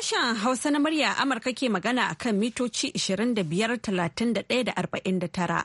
Sashen Hausa na murya Amurka ke magana a kan mitoci 25, 31 da 49.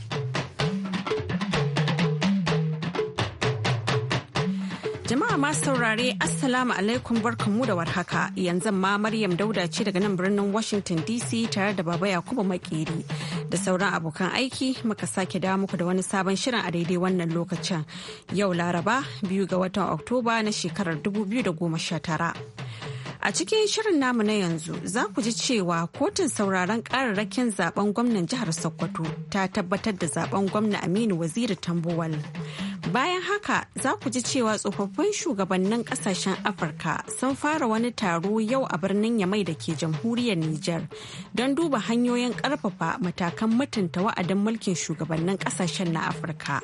Jama'a masu saurare Assalamu alaikum barkanmu da warhaka yanzu ma Maryam Dauda ce daga nan birnin Washington DC tare da Baba Yakubu Makeri da sauran abokan aiki muka sake dawo muku da wani sabon shirin a daidai wannan lokacin yau Laraba biyu ga watan Oktoba na shekarar 2019. A cikin shirin namu na yanzu za ku ji cewa kotun sauraron ƙararrakin zaben gwamnan jihar Sokoto ta tabbatar da zaben gwamna Aminu Waziri Tambuwal. Bayan haka za ku ji cewa tsofaffin shugabannin kasashen Afirka sun fara wani taro yau a birnin Yamai da ke jamhuriyar Nijar don duba hanyoyin ƙarfafa matakan mutunta wa'adin mulkin shugabannin kasashen na Afirka.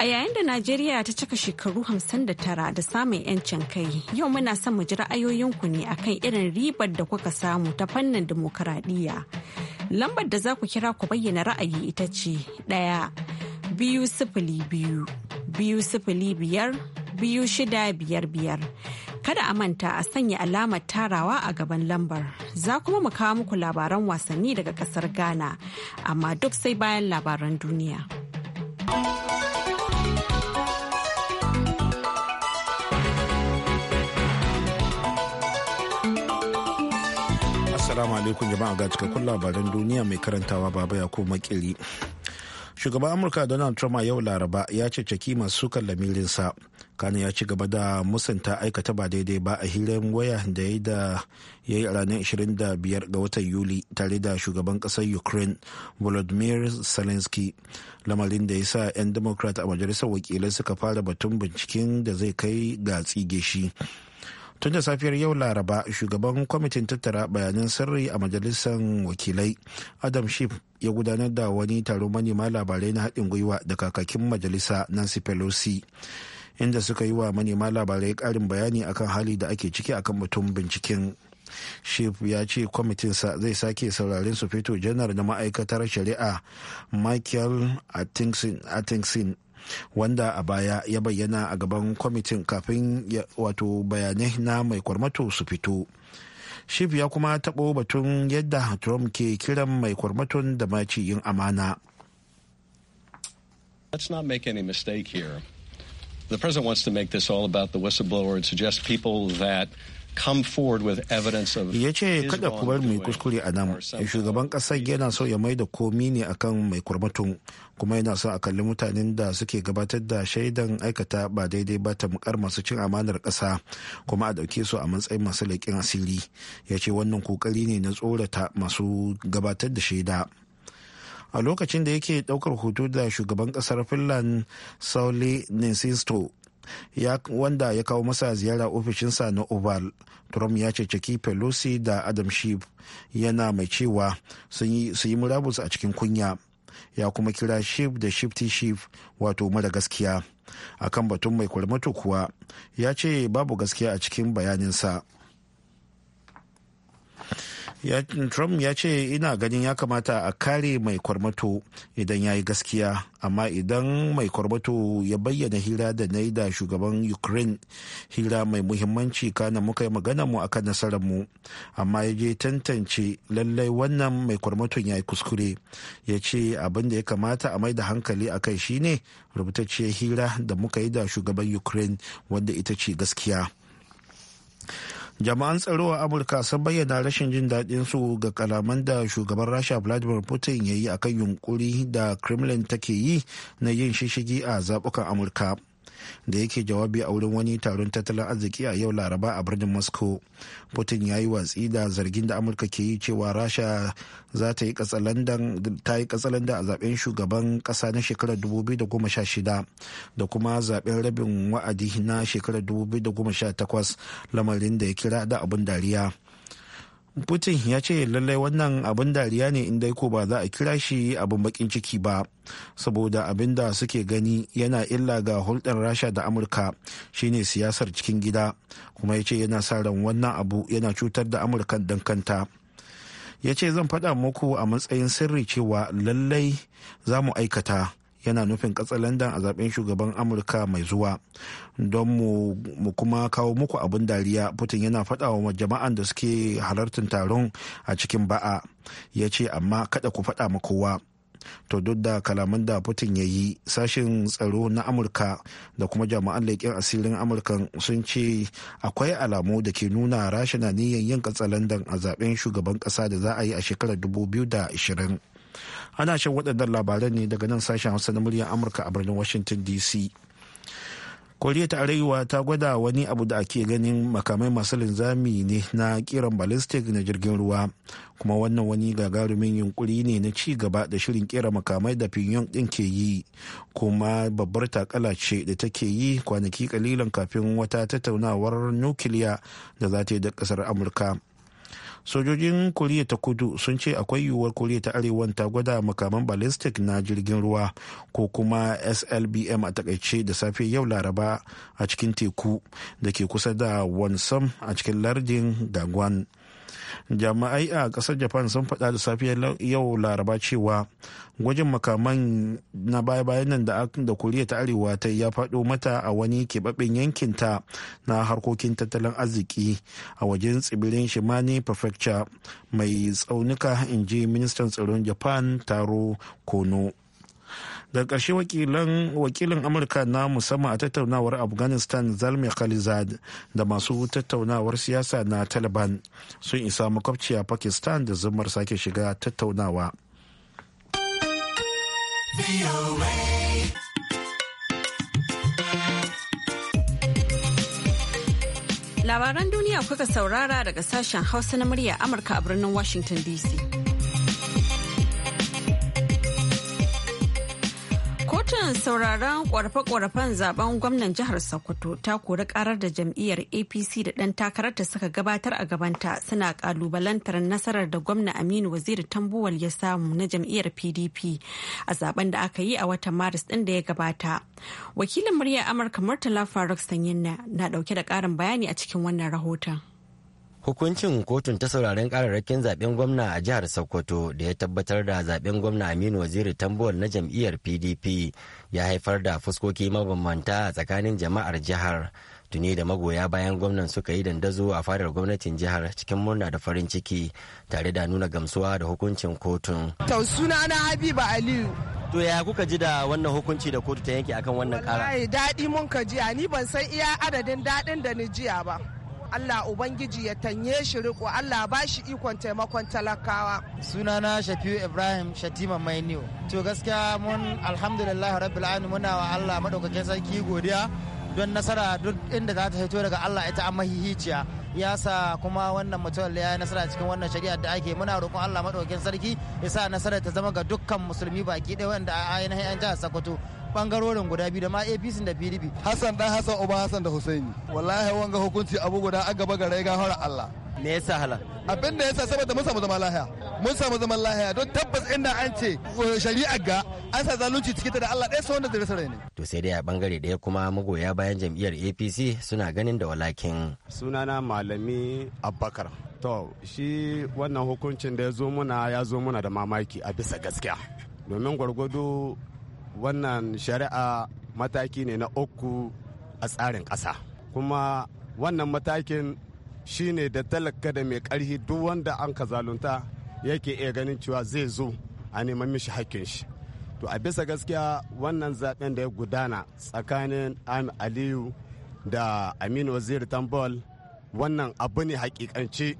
A yayin da Najeriya ta cika shekaru 59 da samun 'yancin kai, yau muna son mu ji ra'ayoyinku ne akan irin ribar da kuka samu ta fannin dimokuraɗiyya. Lambar da za ku kira ku bayyana ra'ayi ita ce ɗaya. biyu sifili biyu biyu sifili biyar biyu shida biyar biyar kada a manta a sanya alamar tarawa a gaban lambar za kuma mu kawo muku labaran wasanni daga kasar ghana amma duk sai bayan labaran duniya Assalamu alaikum jama'a ga cikakkun labaran duniya mai karantawa baba ya ko makili. shugaban amurka donald trump a yau laraba ya ce ceceki masu sukan lamirinsa kano ya ci gaba da musanta aikata ba daidai ba a hirar waya da ya da ya yi ranar 25 ga watan yuli tare da shugaban kasar ukraine volodymyr zelensky lamarin da ya sa 'yan democrat a majalisar wakilai suka fara batun binciken da zai kai ga tsige shi tun da safiyar yau laraba shugaban kwamitin tattara bayanan sirri a majalisar wakilai adam shif ya gudanar da wani taron manema labarai na haɗin gwiwa da kakakin majalisa nancy pelosi inda suka yi wa manema labarai karin bayani akan hali da ake ciki akan mutum binciken shif ya ce kwamitinsa zai sake saurarin su fito janar na ma'aikatar shari'a michael atkinson wanda a baya ya bayyana a gaban kwamitin kafin wato bayanai na mai kwarmato su fito shif ya kuma taɓo batun yadda trump ke kiran mai kwarmaton da amana Let's not make any mistake here. The president wants to make this all about the whistleblower and suggest people that ya ce kada ku bar mai kuskure a nan eh, shugaban kasar yana so ya mai da komi ne akan mai kurmatun kuma yana so a kalli mutanen da suke gabatar da shaidan aikata ba daidai ba ta tamkar masu cin amanar kasa kuma a dauke su a matsayin masu leƙin asiri ya ce wannan kokari ne na tsorata masu gabatar da shaida a lokacin da yake daukar hoto da shugaban kasar finland sauli nesisto wanda ya kawo masa ziyara ofishinsa na oval trump ya ceceki pelosi da adam Schiff yana mai cewa su yi murabus a cikin kunya ya kuma kira Schiff da shifty Schiff wato mara gaskiya akan batun mai kurmatu kuwa ya ce babu gaskiya a cikin bayaninsa Trump ya ce ina ganin ya kamata a kare mai kwarmato idan ya yi gaskiya amma idan mai kwarmato ya bayyana hira da na yi da shugaban Ukraine hira mai muhimmanci kana muka yi magana mu akan mu amma ya je tantance lallai wannan mai kwarmaton ya yi kuskure ya ce abin da ya kamata a mai da hankali a kai shine rubutacciyar hira da muka yi da shugaban Ukraine wanda ita ce gaskiya. jama'an tsaro a amurka sun bayyana rashin jin daɗin su ga kalaman da shugaban rasha vladimir putin ya yi akan yunkuri da kremlin take yi na yin shishigi a zaɓukan amurka da yake jawabi a wurin wani taron tattalin arziki a yau laraba a birnin moscow putin ya yi watsi da zargin da amurka ke yi cewa rasha ta yi katsalanda a zaben shugaban kasa na shekarar 2016 da kuma zaben rabin wa'adi na shekarar 2018 lamarin da ya kira da abin dariya putin ya ce lallai wannan abin dariya ne in dai ko ba za a kira shi abin bakin ciki ba saboda abin da suke gani yana illa ga hulɗar rasha da amurka shine siyasar cikin gida kuma ya ce yana sa ran wannan abu yana cutar da amurkan dankanta ya ce zan faɗa muku a matsayin sirri cewa lallai za mu aikata yana nufin ƙasar landan a zaben shugaban amurka mai zuwa don mu kuma kawo muku abin dariya putin yana faɗa wa jama'an da suke halartar taron a cikin ba'a ya ce amma kada ku faɗa ma kowa to duk da kalaman da putin ya yi sashen tsaro na amurka da kuma jami'an leƙen asirin amurkan sun ce akwai alamu da ke nuna rasha na niyan yin katsalandan a zaben shugaban ƙasa da za a yi a shekarar 2020 ana shan waɗannan labaran ne daga nan sashen hausa na muryar amurka a birnin washington dc koriya ta arewa ta gwada wani abu da ake ganin makamai masu linzami ne na kiran ballistic na jirgin ruwa kuma wannan wani gagarumin yunkuri ne na ci gaba da shirin kera makamai da pinyon din ke yi kuma babbar takala ce da take yi kwanaki kalilan kafin wata tattaunawar nukiliya da za ta yi da kasar amurka sojojin koriya ta kudu sun ce akwai yiwuwar koriya ta arewa ta gwada makaman ballistic na jirgin ruwa ko kuma slbm a takaice da safe yau laraba a cikin teku da ke kusa da wansam a cikin lardin dagwan jami'ai a kasar japan sun faɗa da safiyar yau laraba cewa gwajin makaman na baya-bayan nan da koriya ta arewa ta ya faɗo mata a wani keɓaɓɓen yankinta na harkokin tattalin arziki a wajen tsibirin shimane prefecture mai tsaunuka in ji ministan tsaron japan taro kono daga ƙarshe wakilin amurka na musamman a tattaunawar afghanistan zalmi khalizad da masu tattaunawar siyasa na taliban sun isa a pakistan da zumar sake shiga tattaunawa labaran duniya kuka saurara daga sashen hausa na murya amurka a birnin washington dc Kotun sauraron ƙorafe-ƙorafen zaben gwamnan jihar Sokoto ta kori karar da jam'iyyar APC da ɗan takarar ta suka gabatar a gabanta suna ƙalubalantar nasarar da Gwamnan Aminu Waziri Tambuwal ya samu na jam'iyyar PDP a zaben da aka yi a watan Maris ɗin da ya gabata. Wakilin murya Amurka Murtala Faruk Sanyinna na ɗauke da ƙarin bayani a cikin wannan rahoton. hukuncin kotun ta sauraren kararrakin zaben gwamna a jihar sokoto da ya tabbatar da zaben gwamna aminu waziri tambuwal na jam'iyyar pdp ya haifar da fuskoki mabambanta a tsakanin jama'ar jihar tuni da magoya bayan gwamnan suka yi dandazo a fadar gwamnatin jihar cikin murna da farin ciki tare da nuna gamsuwa da hukuncin kotun Tausuna na habiba aliyu to ya kuka ji da wannan hukunci da kotu ta yanke akan wannan kara daɗi mun ka jiya ni ban san iya adadin daɗin da ni jiya ba Allah Ubangiji ya tanye shi riko Allah ba shi ikon taimakon talakawa. Sunana Shafiu Ibrahim Shatima mai Mainiu. To gaskiya mun alhamdulillah rabbil alamin muna wa Allah madaukakin sarki godiya don nasara duk inda za ta fito daga Allah ita an mahihiciya. ya sa kuma wannan mutum ya yi nasara cikin wannan shari'a da ake muna roƙon Allah madaukakin sarki ya sa nasara ta zama ga dukkan musulmi baki ɗaya wanda a ainihin an jihar Sokoto bangarorin guda biyu da ma APC da PDP Hassan dan Hassan Uba Hassan da Husaini wallahi wanga hukunci abu guda a gaba gare gafara Allah me yasa hala abin da yasa saboda mun samu zaman lahiya mun samu zaman lahiya don tabbas inda an ce uh, shari'a ga an sa zalunci cikin da Allah ɗaya sai wanda zai rasa ne to sai dai a bangare ɗaya kuma magoya bayan jam'iyyar APC suna ganin da walakin sunana malami Abubakar to shi wannan hukuncin da ya zo muna ya zo muna da mamaki a bisa gaskiya domin gwargwado wannan shari'a mataki ne na uku a tsarin ƙasa kuma wannan matakin shine da talaka da mai ƙarfi duk wanda an ka zalunta yake iya ganin cewa zai zo a neman mishi hakkin shi to a bisa gaskiya wannan zaben da ya gudana tsakanin an aliyu da aminu waziri tambol wannan abu ne hakikanci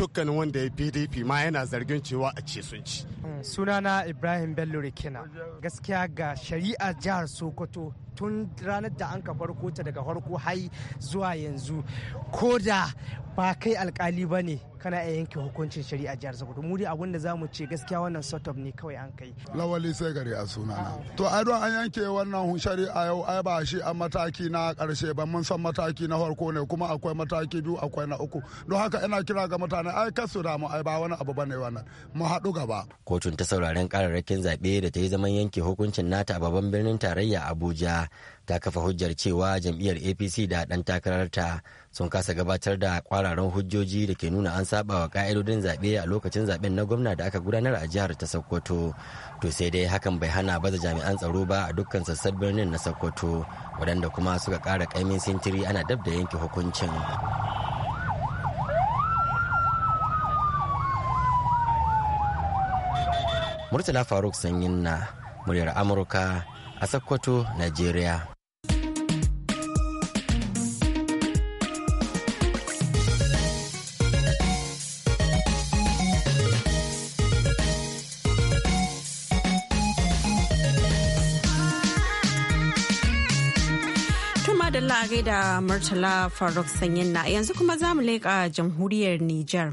dukkanin wanda ya pdp ma yana zargin cewa a ce sun ci hmm, sunana ibrahim bello rikina gaskiya ga shari'a jihar sokoto tun ranar da an ka farko ta daga farko hai zuwa yanzu ko da ba kai alkali ba ne kana iya yanke hukuncin shari'a jihar Sokoto mu abun da za mu ce gaskiya wannan sort of ne kawai an kai lawali sai gari a sunana to ai don an yanke wannan shari'a yau ai ba shi a mataki na karshe ba mun san mataki na farko ne kuma akwai mataki biyu akwai na uku don haka ina kira ga mutane ai kasu da mu ai ba wani abu bane wannan mu haɗu gaba kotun ta sauraren kararrakin zaɓe da ta yi zaman yanke hukuncin nata a babban birnin tarayya Abuja ta kafa hujjar cewa jam'iyyar apc da ɗan takararta sun kasa gabatar da kwararan hujjoji da ke nuna an saba wa ka'idodin zaɓe a lokacin zaɓen na gwamna da aka gudanar a jihar ta sokoto to sai dai hakan bai hana baza jami'an tsaro ba a dukkan sassan birnin na sokoto waɗanda kuma suka ƙara ƙaimin sintiri ana dab da yanke hukuncin murtala faruk sanyin na muryar amurka a sokoto najeriya gaida Murtala Faruk Sanyin na yanzu kuma za mu leƙa jamhuriyar Nijar.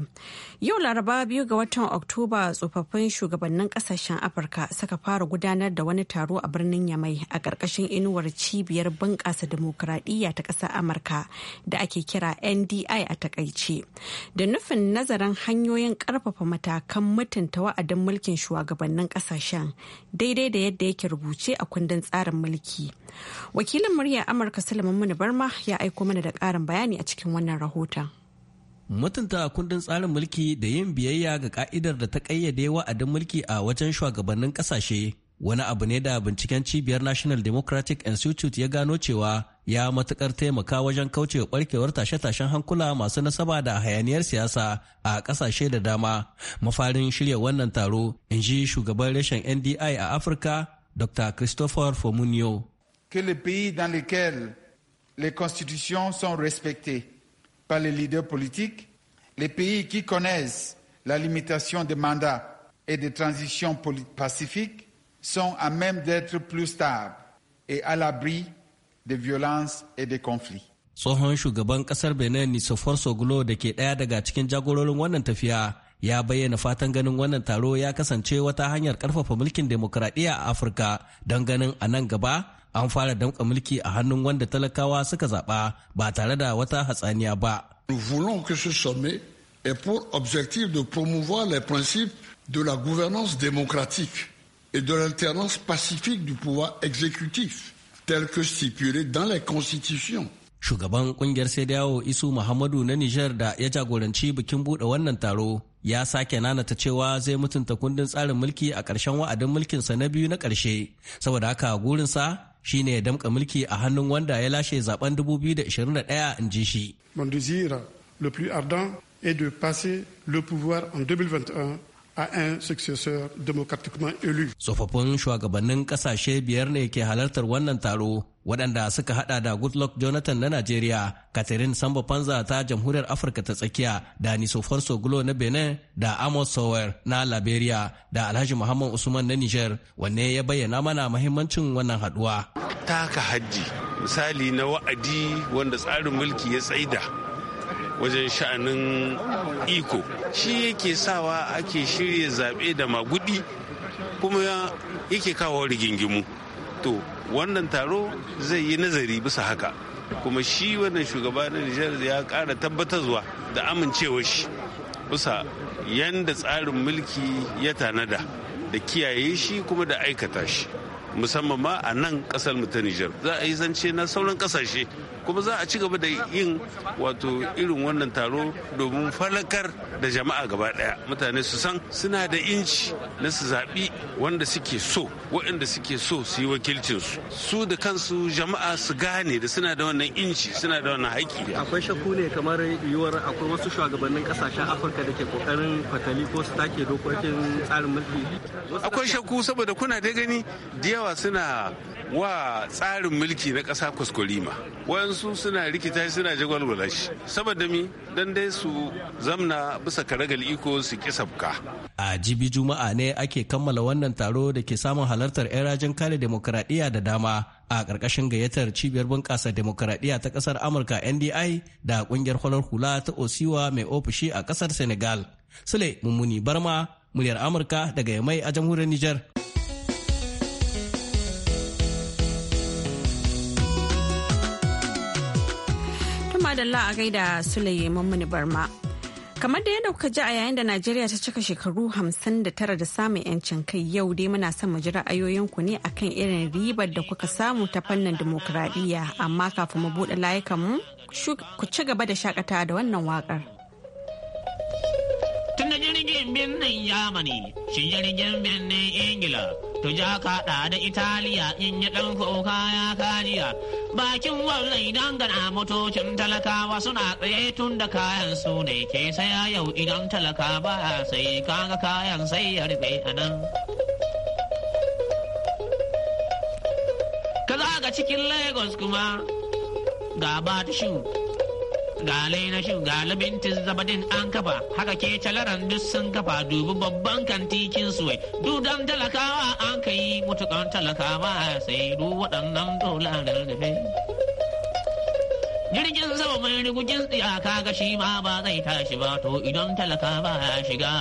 Yau Laraba biyu ga watan Oktoba tsofaffin shugabannin ƙasashen Afirka suka fara gudanar da wani taro a birnin Yamai a ƙarƙashin inuwar cibiyar bunƙasa dimokuraɗiyya ta ƙasar Amurka da ake kira NDI a takaice. Da nufin nazarin hanyoyin ƙarfafa matakan mutunta wa'adin mulkin shugabannin ƙasashen daidai da yadda yake rubuce a kundin tsarin mulki. Wakilin muryar Amurka Sulaiman Munibar Barma ya aiko mana da ƙarin bayani a cikin wannan rahoton. mutunta kundin tsarin mulki da yin biyayya ga ka'idar da ta kayyade wa'adin mulki a wajen shugabannin ƙasashe wani abu ne da binciken cibiyar national democratic institute ya gano cewa ya matukar taimaka wajen kaucewa barkewar tashe-tashen hankula masu nasaba da hayaniyar siyasa a ƙasashe da dama mafarin shirya wannan taro in ji shugaban reshen ndi a afirka dr christopher fomunio les constitutions sont respectées par les leaders politiques. Les pays qui connaissent la limitation des mandats et des transitions pacifiques sont à même d'être plus stables et à l'abri des violences et des conflits. tsohon shugaban kasar benin nisofor soglo da ke daya daga cikin jagororin wannan tafiya ya bayyana fatan ganin wannan taro ya kasance wata hanyar karfafa mulkin demokuraɗiyya a afirka don ganin a nan gaba an fara damƙa mulki a hannun wanda talakawa suka zaɓa ba tare da wata hatsaniya ba. Nous voulons que ce sommet ait pour objectif de promouvoir les principes de la gouvernance démocratique et de l'alternance pacifique du pouvoir exécutif, tel que stipulé dans les constitutions. Shugaban kungiyar sai dawo Isu Muhammadu na Nijar da ya jagoranci bikin buɗe wannan taro ya sake nanata cewa zai mutunta kundin tsarin mulki a ƙarshen wa'adin mulkinsa na biyu na ƙarshe, saboda haka gurinsa shine ya damka mulki a hannun wanda ya lashe zaben 2021 in ji shi. Mon désir le plus ardent est de passer le pouvoir en 2021 a un successeur démocratiquement élu. Tsofaffin shugabannin kasashe biyar ne ke halartar wannan taro waɗanda suka hada da goodluck jonathan na najeriya catherine samba panza ta jamhuriyar afirka ta tsakiya da nisofar Glow na benin da amos sower na liberia da alhaji muhammad usman na niger wanne ya bayyana mana mahimmancin wannan haduwa taka hajji misali na wa'adi wanda tsarin mulki ya tsaida wajen sha'anin iko shi yake sawa ake shirya zaɓe da magudi kuma yake kawo rigingimu to wannan taro zai yi nazari bisa haka kuma shi wannan shugaba na nijar ya kara tabbatarwa da amincewa shi bisa yanda tsarin mulki ya tanada da kiyaye shi kuma da aikata shi musamman ma a nan kasar mu ta Nijar za a yi zance na sauran kasashe kuma za a ci gaba da yin wato irin wannan taro domin falakar da jama'a gaba daya mutane su san suna da inci na su zaɓi wanda suke so waɗanda suke so su yi wakilcin su su da kansu jama'a su gane da suna da wannan inci suna da wannan haƙƙi akwai shakku ne kamar yiwuwar akwai wasu shugabannin kasashen afirka da ke kokarin fatali ko su take dokokin tsarin mulki akwai shakku saboda kuna da gani da yawa yawa suna wa tsarin mulki na ƙasa kuskurima wayansu suna rikita suna jagwalgwala shi saboda mi dan dai su zamna bisa karagal iko su ki sabka a jibi juma'a ne ake kammala wannan taro da ke samun halartar 'yan rajin kare demokradiyya da dama a ƙarƙashin gayyatar cibiyar bunƙasa demokuraɗiyya ta kasar amurka ndi da ƙungiyar kwalar hula ta osiwa mai ofishi a ƙasar senegal sule mummuni barma muryar amurka daga yamai a jamhuriyar nijar. madalla a gaida Sulaye Mummuni Barma. Kamar da yadda kuka ji a yayin da Najeriya ta cika shekaru hamsin da tara da samun 'yancin kai yau dai muna son mu ji ra'ayoyinku ne akan irin ribar da kuka samu ta fannin dimokuraɗiyya amma kafin mu buɗe layukan mu ku ci gaba da shakatawa da wannan waƙar. jirgin birnin yamani shi jirgin birnin ingila to ja kaɗa da italiya in ya ɗan kuka ya kariya bakin wallai gana motocin talakawa suna tsaye tun da kayan su ne ke saya yau idan talaka ba sai kaga kayan sai ya rufe a nan ka cikin lagos kuma ga batashin ga na shi ga labintin zabadin an kafa haka ke calaran duk sun kafa Dubu, babban Kanti, Kin, kantikin Duk dudan talakawa an ka yi mutukan talakawa sai du waɗannan dolarar da jirgin sama mai rigujin tsiyaka ga shi ma ba zai tashi ba to idan talaka ba ya shiga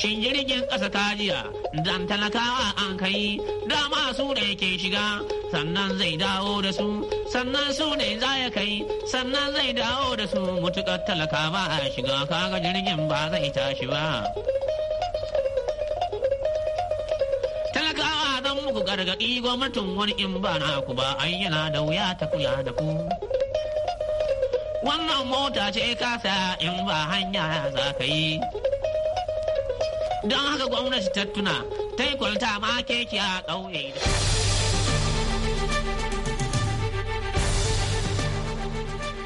shin jirgin ƙasa kajiya dan talakawa an kai dama su da yake shiga sannan zai dawo da su sannan su ne za ya kai sannan zai dawo da su mutukar talaka ba a shiga kaga jirgin ba zai tashi ba talakawa zan muku gargaɗi gwamnatin wani in ba na ku ba ai yana da wuya ta kula da ku wannan mota ce kasa in ba hanya za ka yi don haka gwamnati ta tuna ta yi kwalta ma keke a ƙauye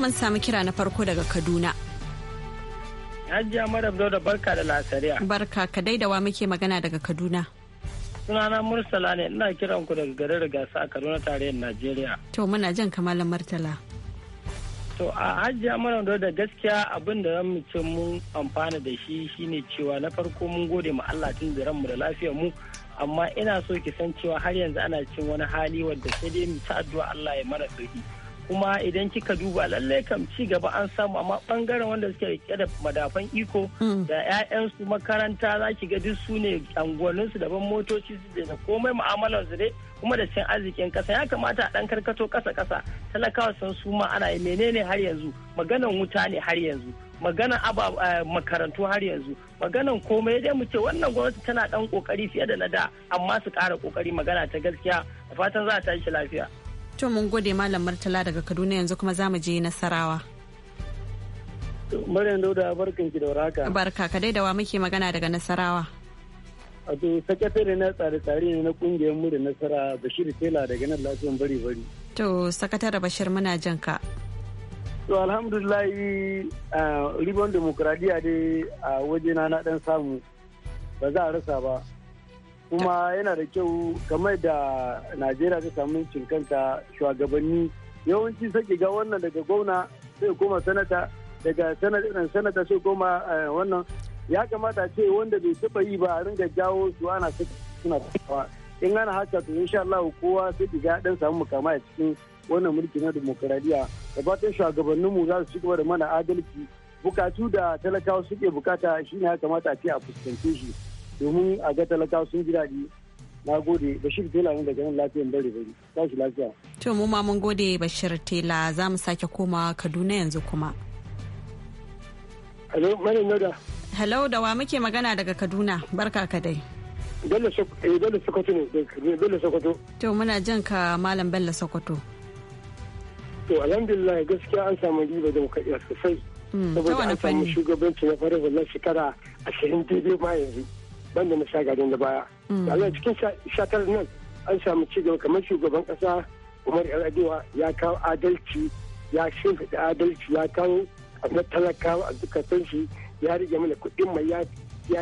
mun samu kira na farko daga Kaduna. Hajiya Maryam da barka da lasariya. Barka ka wa muke magana daga Kaduna. Sunana Murtala ne ina kiran ku daga garin Rigasa a Kaduna tarayyar Najeriya. To muna jan kamalan Murtala. To a Hajiya Maryam da gaskiya abin da zan ce mun amfana da shi shine cewa na farko mun gode ma Allah tun da ranmu da lafiyar mu amma ina so ki san cewa har yanzu ana cin wani hali wanda sai dai mu ci addu'a Allah ya mana sauki. kuma idan kika duba lalle kam ci gaba an samu amma bangaren wanda suke rike da madafan iko hmm. da 'ya'yansu makaranta za ki ga duk su ne anguwanninsu daban motoci su da komai su dai kuma da cin arzikin kasa ya kamata a dan karkato kasa kasa talakawa sun suma ana yi menene har yanzu maganan wuta ne har yanzu maganan aba eh, makarantu har yanzu maganan komai dai mu ce wannan gwamnati tana dan kokari fiye da na da amma su kara kokari magana ta gaskiya a fatan za ta tashi lafiya To mun gode Malam Murtala daga Kaduna yanzu kuma za mu je Nasarawa. Maryam Dauda barkan ki da warhaka. Barka ka dai da wa muke magana daga Nasarawa. A to sakatare na tsare-tsare ne na kungiyar mu da nasara Bashir Tela daga nan lafiyan bari bari. To sakatare Bashir muna jan ka. To alhamdulillah ribon demokradiya dai a wajena na dan samu ba za a rasa ba. kuma yana da kyau kamar da najeriya ta samu kanta shugabanni yawanci sake ga wannan daga gwamna sai koma sanata daga sanata sai koma eh, wannan ya kamata ce wanda bai taba yi ba a ringa jawo su ana suna tsawa in ana haka to sha Allah kowa sai diga dan samu mukama a cikin wannan mulki na demokradiya da fatan shugabannin mu za su ci gaba da mana adalci bukatu da talakawa suke bukata shine ya kamata a ce a fuskance shi domin a ga talakawa sun ji daɗi na gode bashir tela ne daga nan lafiyan bari ta shi lafiya to mu ma mun gode bashir tela za mu sake koma kaduna yanzu kuma hello malam nada hello da wa muke magana daga kaduna barka ka dai bello eh, sokoto ne bello sokoto to muna jan ka malam bello sokoto to alhamdulillah gaskiya an samu riba iya sosai mm, saboda an samu shugabanci na farin wannan shekara ashirin daidai ma yanzu banda na shagarin da baya da mm. cikin shatar nan an samu cigaba kamar shugaban kasa umar yar'adewa ya kawo adalci ya da adalci ya kawo na talakawa a dukkan shi ya rage mana kuɗin mai ya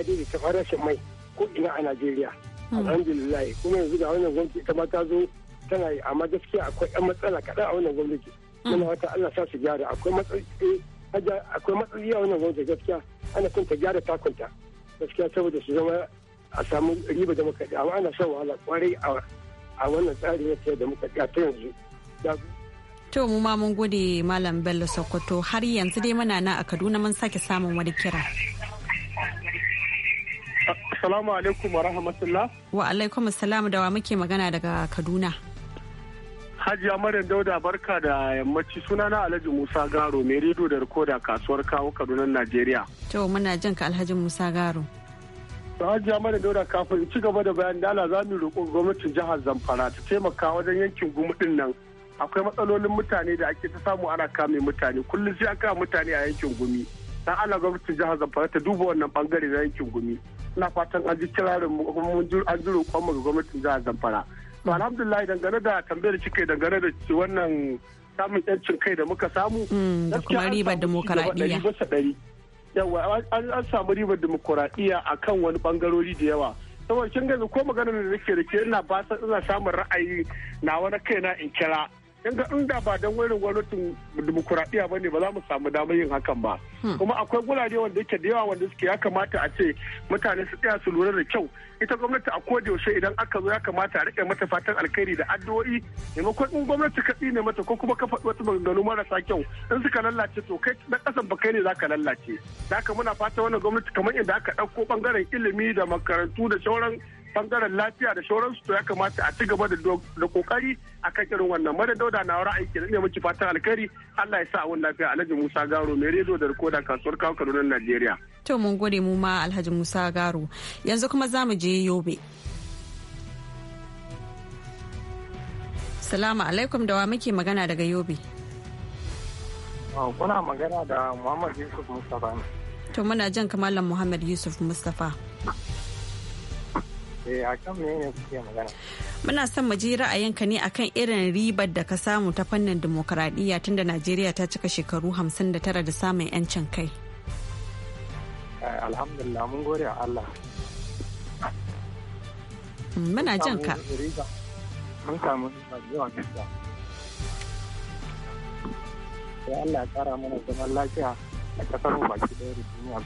da farashin mai ko ina a najeriya mm. alhamdulillah kuma yanzu ga wannan gwamnati ita ma ta zo tana yi amma gaskiya akwai ɗan matsala kaɗan a wannan gwamnati mm. muna wata allah sa su gyara akwai matsayi eh, a wannan gwamnati gaskiya ana son ta gyara takunta gaskiya saboda su zama a samu riba da muka amma ana shan wahala kwarai a wannan tsarin yadda da muka ta yanzu To mu ma mun gode Malam Bello Sokoto har yanzu dai muna na a Kaduna mun sake samun wani kira. Assalamu alaikum wa rahmatullah. Wa alaikum assalam da wa muke magana daga Kaduna. Hajiya Maryam Dauda barka da yammaci suna na Alhaji Musa Garo mai rediyo da rikoda kasuwar kawo Kaduna Najeriya. To muna jin ka Alhaji Musa Garo. To Hajiya Maryam Dauda kafin ci gaba da bayan dala za mu roƙo gwamnatin jihar Zamfara ta taimaka wajen yankin din nan. Akwai matsalolin mutane da ake ta samu ana kame mutane kullum sai aka mutane a yankin gumi. Dan ana gwamnatin jihar Zamfara ta duba wannan bangare na yankin gumi. Ina fatan an ji kirarin mu an ji roƙon mu ga gwamnatin jihar Zamfara. to alhamdulillah dangane da tambayar cike dangane da wannan samun yancin kai da muka samu hmm, da kuma ribar demokuraɗiyya an samu ribar demokuraɗiyya a kan wani bangarori da yawa saboda kin gani ko maganar da nake da ke ina ba ina samun ra'ayi na wani kaina in kira ga inda ba don wurin gwamnatin demokuraɗiyya ba ne ba za mu samu damar yin hakan ba hmm. kuma akwai gurare wanda yake da yawa wanda suke ya kamata a ce mutane su tsaya su lura da kyau ita gwamnati a koda yaushe idan aka zo ya kamata a riƙe mata fatan alkhairi da addu'o'i maimakon in gwamnati ka tsine mata ko kuma ka faɗi wata maganganu marasa kyau in suka lallace to kai na ƙasan ba kai ne za ka lallace da haka muna fata wannan gwamnati kamar inda aka ɗauko ɓangaren ilimi da makarantu da sauran bangaren lafiya da shauransu to ya kamata a ci gaba da kokari a kan irin wannan mada dauda na ra'ayi ke ne miki fatan alkhairi Allah ya sa awon lafiya Alhaji Musa Garo mai rediyo da rikoda kasuwar kawo Kaduna Najeriya. To mun gode mu ma Alhaji Musa Garo yanzu kuma za mu je Yobe. Salamu alaikum da wa muke magana daga Yobe. Ah, kuna magana da Muhammad Yusuf Mustafa. To muna jan kamalan Muhammad Yusuf mustafa. Eh, akan menene kuke magana? Muna son mu ji ra'ayinka ne akan irin ribar da ka samu ta fannin demokradiyya tunda Najeriya ta cika shekaru 59 da samun 'yancin kai. Eh, alhamdulillah mun gode a Allah. Mm, muna jin ka. Mun samu riba da yawa gaskiya. Ya Allah ya kara mana zaman lafiya a kasar mu baki ɗaya da duniya.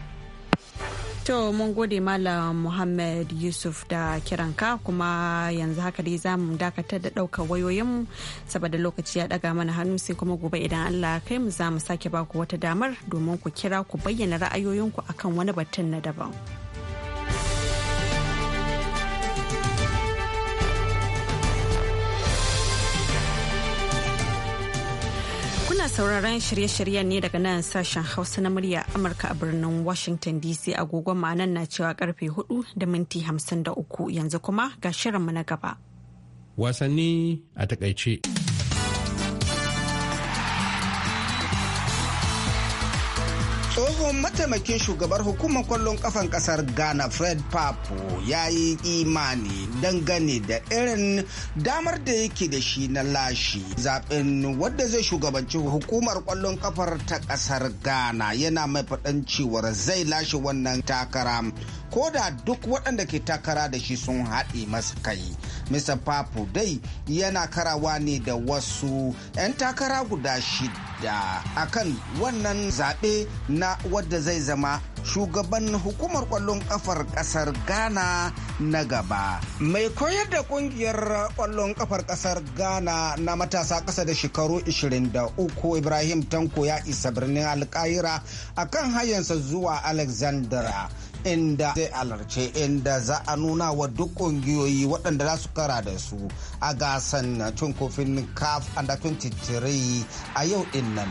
To mun gode Malam Muhammad Yusuf da kiranka kuma yanzu haka dai za mu dakatar da ɗaukar wayoyinmu saboda lokaci ya ɗaga mana hannu sai kuma gobe idan Allah kai mu za mu sake baku wata damar domin ku kira ku bayyana ra'ayoyinku akan wani batun na daban. sauraron shirye-shiryen ne daga nan sashen Hausa na murya Amurka a birnin Washington DC agogon ma'anan na cewa karfe 4 da minti 53 yanzu kuma ga shirinmu na gaba. Wasanni a takaice. tsohon mataimakin shugabar hukumar kwallon kafan kasar ghana fred papo ya yi imani dangane da irin damar da yake da shi na lashi zaɓen wadda zai shugabanci hukumar kwallon kafar ta kasar ghana yana mai faɗan cewar zai lashe wannan takara ko da duk waɗanda ke takara da shi sun haɗe masa kai mr papu dai yana karawa ne da wasu 'yan takara guda shida a kan wannan zaɓe na wadda zai zama shugaban hukumar kwallon ƙafar ƙasar ghana na gaba mai koyar da ƙungiyar ƙwallon ƙafar ƙasar ghana na matasa ƙasa da shekaru 23 ibrahim tanko ya isa birnin alkaira akan hayansa zuwa alexandra inda zai alarce inda za a nuna wa duk kungiyoyi waɗanda za su kara da su a gasan cin kofin caf under 23 a yau din nan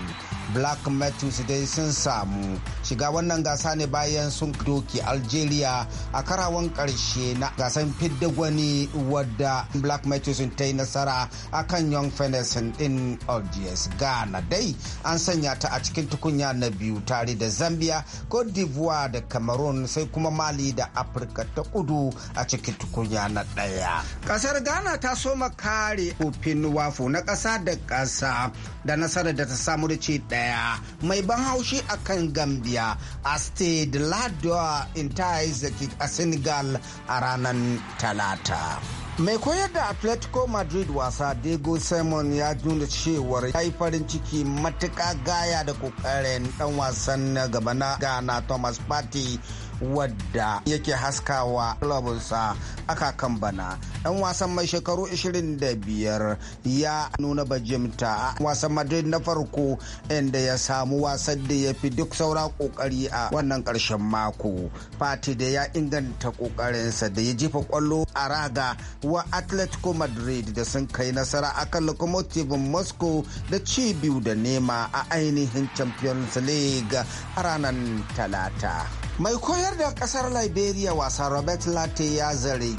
black metals dai sun samu shiga wannan gasa ne bayan sun doki algeria a karawan karshe na gasan fidda gwani wadda black matthews ta yi nasara a kan young fenison din algiers ghana dai an sanya ta a cikin tukunya na biyu tare da zambia cote d'ivoire da cameroon sai sai kuma mali da afirka ta kudu a cikin tukunya na ɗaya kasar ghana ta soma kare kofin wafo na kasa da kasa da nasarar da ta samu da ce ɗaya mai ban haushi a kan gambia a stade ladua intais a senegal a ranar talata mai koyar da atletico madrid wasa diego simon ya nuna cewar ya yi farin ciki matuƙa gaya da kokarin dan wasan gaba na ghana thomas party wadda yake haskawa clubinsa aka kan bana dan wasan mai shekaru 25 ya nuna bajimta a wasan madrid na farko inda ya samu wasan da ya fi duk saura kokari a wannan karshen mako fati da ya inganta kokarinsa da ya jefa kwallo a raga wa atletico madrid da sun kai nasara a kan locomotive moscow da ci biyu da nema a ainihin champions league a ranar talata mai koyar da kasar liberia wasa robert latte ya zargi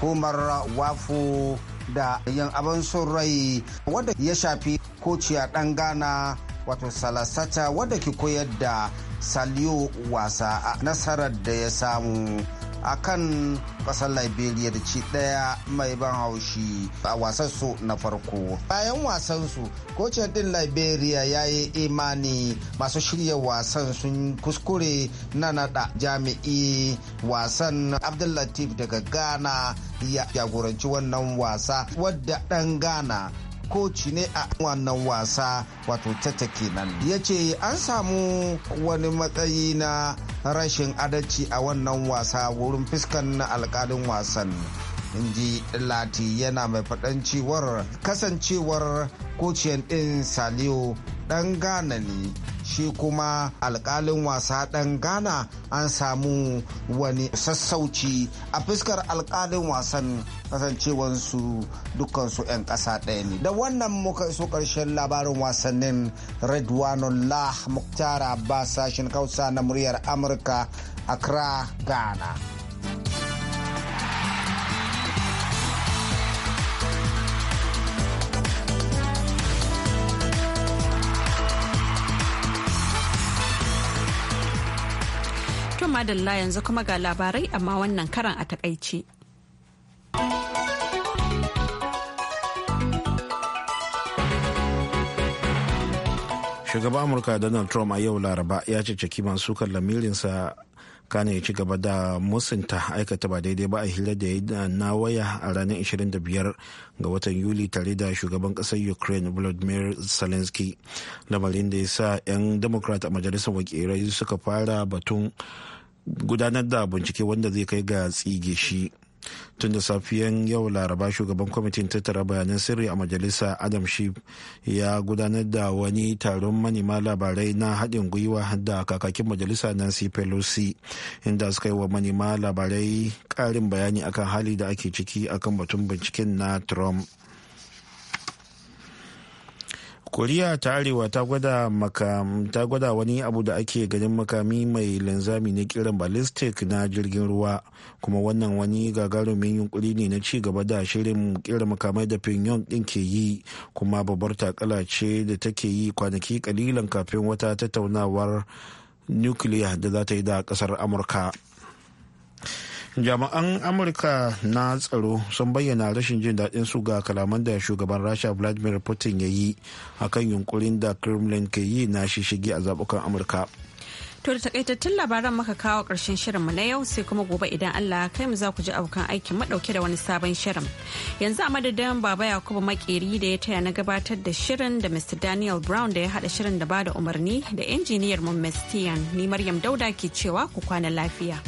hukumar wafo da yin abin son rai wadda ya shafi kociya dan ghana wato salasata wadda ke koyar da saliyo wasa a nasarar da ya samu a kan kasar liberia da ci daya mai ban haushi a wasan su na farko bayan wasan su kocin din liberia ya yi imani masu shirya wasan sun kuskure na nada jami'i wasan abdullatif daga ghana ya jagoranci wannan wasa wadda dan ghana koci ne a wannan wasa wato tata kenan ya ce an samu wani matsayi na rashin adalci a wannan wasa wurin fuskan alkalin wasan in ji lati yana mai faɗan cewar kasancewar kociyan ɗin saliyo ɗan ghana ne shi kuma alkalin wasa ɗan ghana an samu wani sassauci a fuskar alkalin wasan kasancewansu dukansu 'yan ƙasa ɗaya ne da wannan muka iso ƙarshen labarin wasannin redwanullah muktara ba sashen kausa na muryar amurka accra gana. madalla yanzu kuma ga labarai amma wannan karan a takaice. shugaban amurka donald trump a yau laraba ya ce ceceki masu sukar lamirinsa kane ya ci gaba da musunta aikata ba daidai ba a hilar da ya da na waya a ranar 25 ga watan yuli tare da shugaban kasar ukraine vladimir zelensky lamarin da ya sa 'yan democrat a majalisar wakilai suka fara batun gudanar da bincike wanda zai kai ga tsige shi tun da safiyan yau laraba shugaban kwamitin tattara bayanan sirri a majalisa adam shif ya gudanar da wani taron manema labarai na haɗin gwiwa da kakakin majalisa nancy pelosi inda suka yi wa manema labarai ƙarin bayani akan hali da ake ciki akan batun binciken na trump koriya ta arewa ta gwada ta gwada wani abu da ake ganin makami mai linzami na kiran ballistic na jirgin ruwa kuma wannan wani gagarumin yunkuri ne na ci gaba da shirin kiran makamai da pyongyang din ke yi kuma babbar takala ce da take yi kwanaki kalilan kafin wata tattaunawar nukiliya da za ta yi da kasar amurka jami'an amurka na tsaro sun bayyana rashin jin daɗin su ga kalaman da shugaban rasha vladimir putin ya yi a kan yunkurin da kremlin ke yi na shishigi a zabukan amurka to da takaitattun labaran muka kawo ƙarshen shirinmu na yau sai kuma gobe idan allah kai mu za ku ji abokan aikin ɗauke da wani sabon shirin yanzu a madadin baba yakubu makeri da ya taya na gabatar da shirin da mr daniel brown da ya haɗa shirin da bada umarni da injiniyar mu ni maryam dauda ke cewa ku kwana lafiya